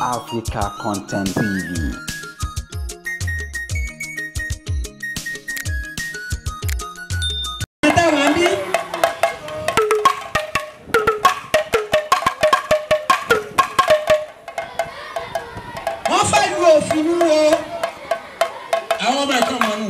Africa Content TV. wọ́n fẹ́ lu òfin mú o àwọn ọmọ ẹ̀kọ́ mọ̀ nù.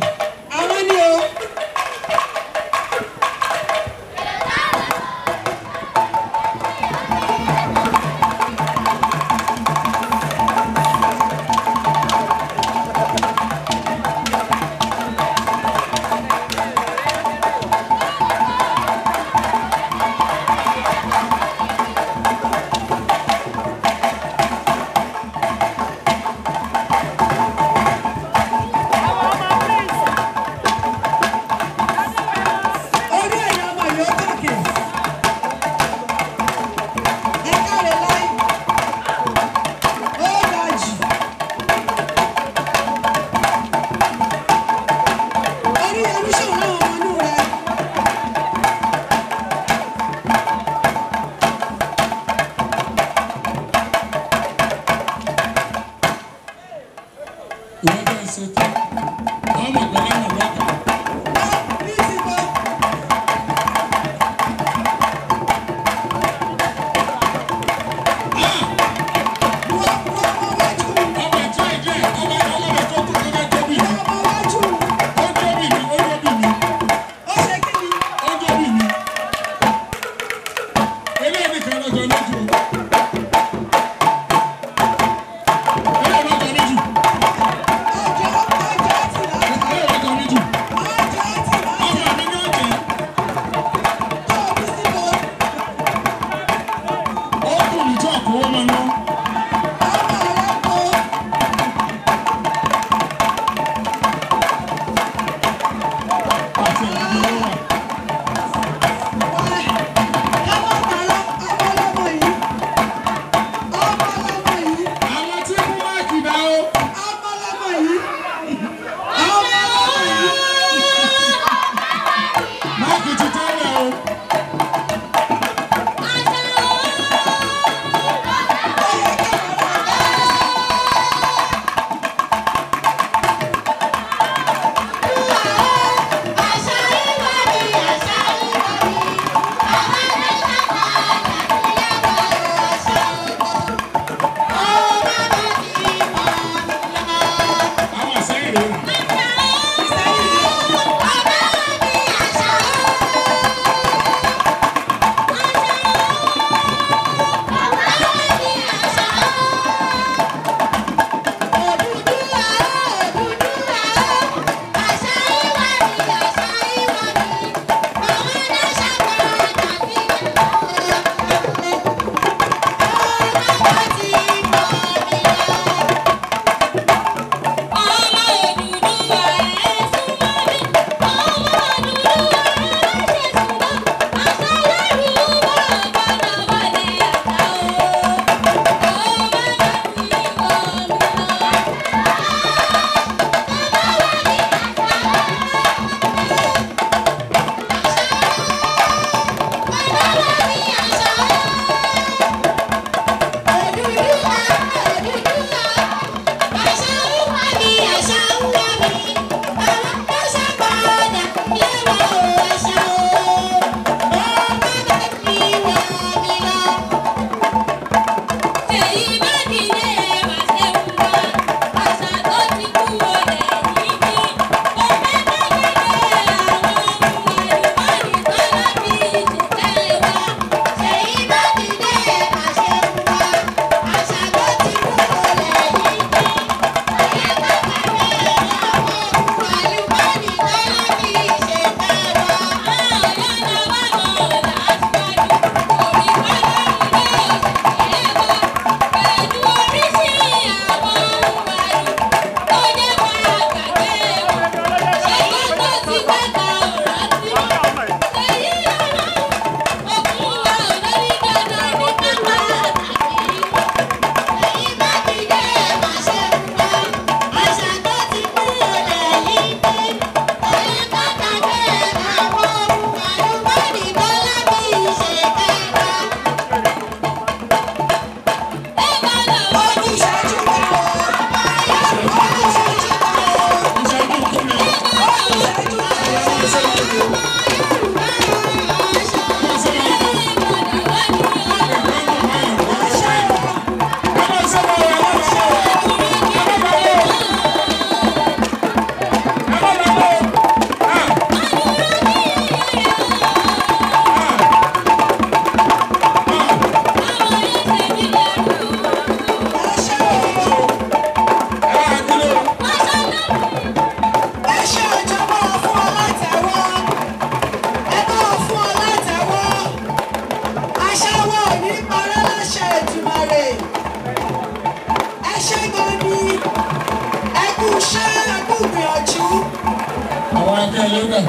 rẹ̀.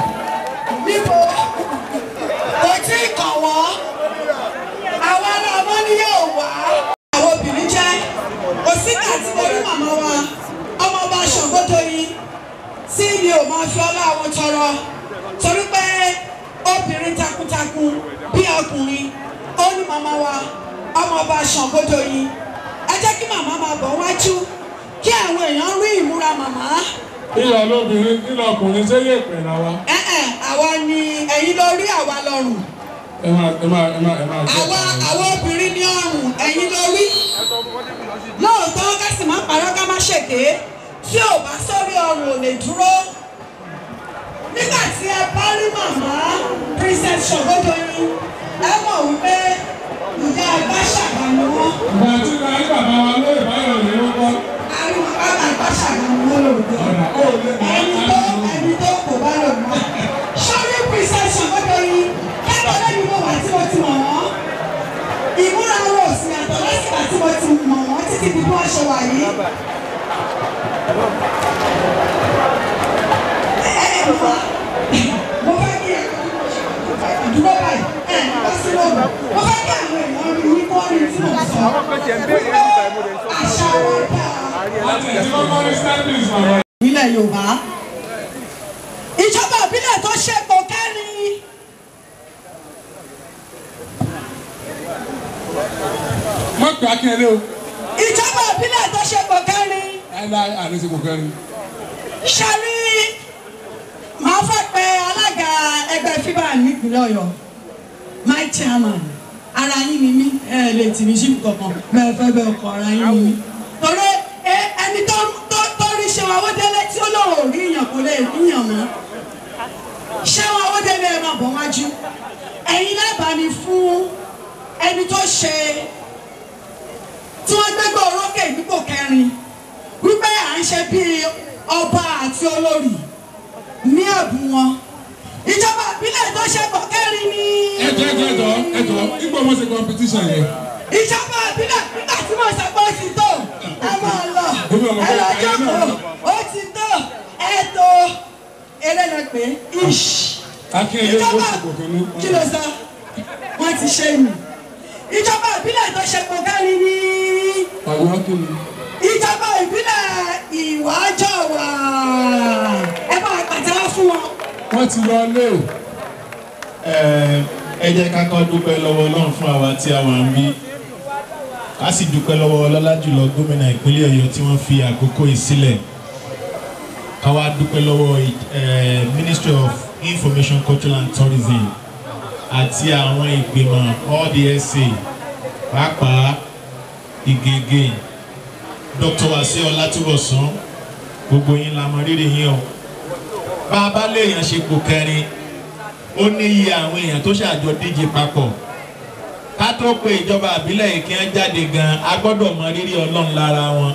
níbo kò tí ì kàn wọ́n àwọn ará ọmọ ni yóò wá. àwọn obìnrin jẹ́ òsínà àti borí màmá wa ọmọ ọba ṣàǹgótóyin tí mi ò máa fi ọlá àwọn tọrọ torí pé obìnrin takuntakun bí ọkùnrin ó ní màmá wa ọmọ ọba ṣàǹgótóyin ẹ jẹ́ kí màmá máa bọ̀ wájú kí àwọn èèyàn rí ìmúra màmá. Iyọ̀ lóbìnrin kílọ̀ ọkùnrin ṣé yé pè náà wá. Ẹ ẹ̀ àwa ni ẹ̀yin lórí àwa lọ́rùn. Ẹ máa ẹ máa ẹ máa ẹ máa jẹ́ àwa. Àwa obìnrin ní ọrùn ẹ̀yin lórí. Lóòótọ́ ká sì máa parọ́ ká má ṣèké. Tí ò bá sórí ọrùn ò lè dúró. Nígbà tí ẹ bá rí màmá Princess Ṣògbódoyin, ẹ mọ̀ wípé. ṣe wà yìí. ẹ ẹ wá mo fẹ́ kí ẹ̀kọ́ tí mo ṣe ìdúró báyìí ẹ̀ bá sí lọ́wọ́ mo fẹ́ kí àwọn èèyàn rí i kọ́ rí i tí mo sọ wípé àṣà wa dáa. nílẹ̀ Yorùbá ìjọba ìbílẹ̀ tó ṣe pọ̀ kẹ́rin. wọ́n pè é akínyẹlé o ìjọba ìbílẹ̀ tó ṣe kò kẹrin. ẹnlá àlè ṣe kò kẹrin. ṣàrí màá fẹ́ pé alága ẹgbẹ́ fíbà nípínlẹ̀ ọ̀yọ́ my chairman ara yín ni mí ẹ lè tì mí síbi kankan bẹ́ẹ̀ fẹ́ bẹ́ẹ̀ kọ́ ara yín ni mí. torí ẹni tó tó rí Ṣẹ́wọ̀n Owódélé tí ó lóun ò ìyàn kò lè níyàn mọ́ Ṣẹ́wọ̀n Owódélé ẹ máa bọ̀ wájú ẹ̀yin lábàá ni fún ẹni tó ṣe tí wọ́n gbégbá orókè nípò kẹrin wípé à ń ṣe bíi ọba àti olórí ní ẹ̀bùn wọn ìjọba ìbílẹ̀ tó ṣe pọ̀ kẹrin ni. ẹjọ ẹjọ ẹjọ ẹjọ igbó wọn ṣe competition yẹn. ìjọba ìbílẹ̀ nígbà tí mo ṣe pé ó ti tó ẹ máa lọ ẹ lọ jókòó ó ti tó ẹ tó eré náà pé ish. ìjọba kí ló sọ wọn ti ṣe yìí. ìjọba ìbílẹ̀ Ìwàjọwà ẹ bá pàtẹ́wọ́ fún wọn. wọ́n ti wọlé o ẹ jẹ́ ká kọ́ dúpẹ́ lọ́wọ́ Ọlọ́run fún àwa tí a wà ń bí a sì dúpẹ́ lọ́wọ́ ọlọ́lá jùlọ gómìnà ìpínlẹ̀ Ọ̀yọ́ tí wọ́n fi àkókò yìí sílẹ̀ ká wá dúpẹ́ lọ́wọ́ Ministry of Information Culture and Tourism àti àwọn ìgbìmọ̀ all the sa pàápàá ìgègè. Dr. Wasiu Ọlátúbọ̀sún gbogbo yín la mọ rírì yín o bá a bá léèyàn ṣe kò kẹrin ó ní iye àwọn èèyàn tó ṣàjọ díje papọ̀ ká tó pe ìjọba àbílẹ̀ yìí kí wọ́n jáde gan a gbọ́dọ̀ mọ rírì ọlọ́run lára wọn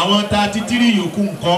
àwọn ta títírí yòókù ńkọ́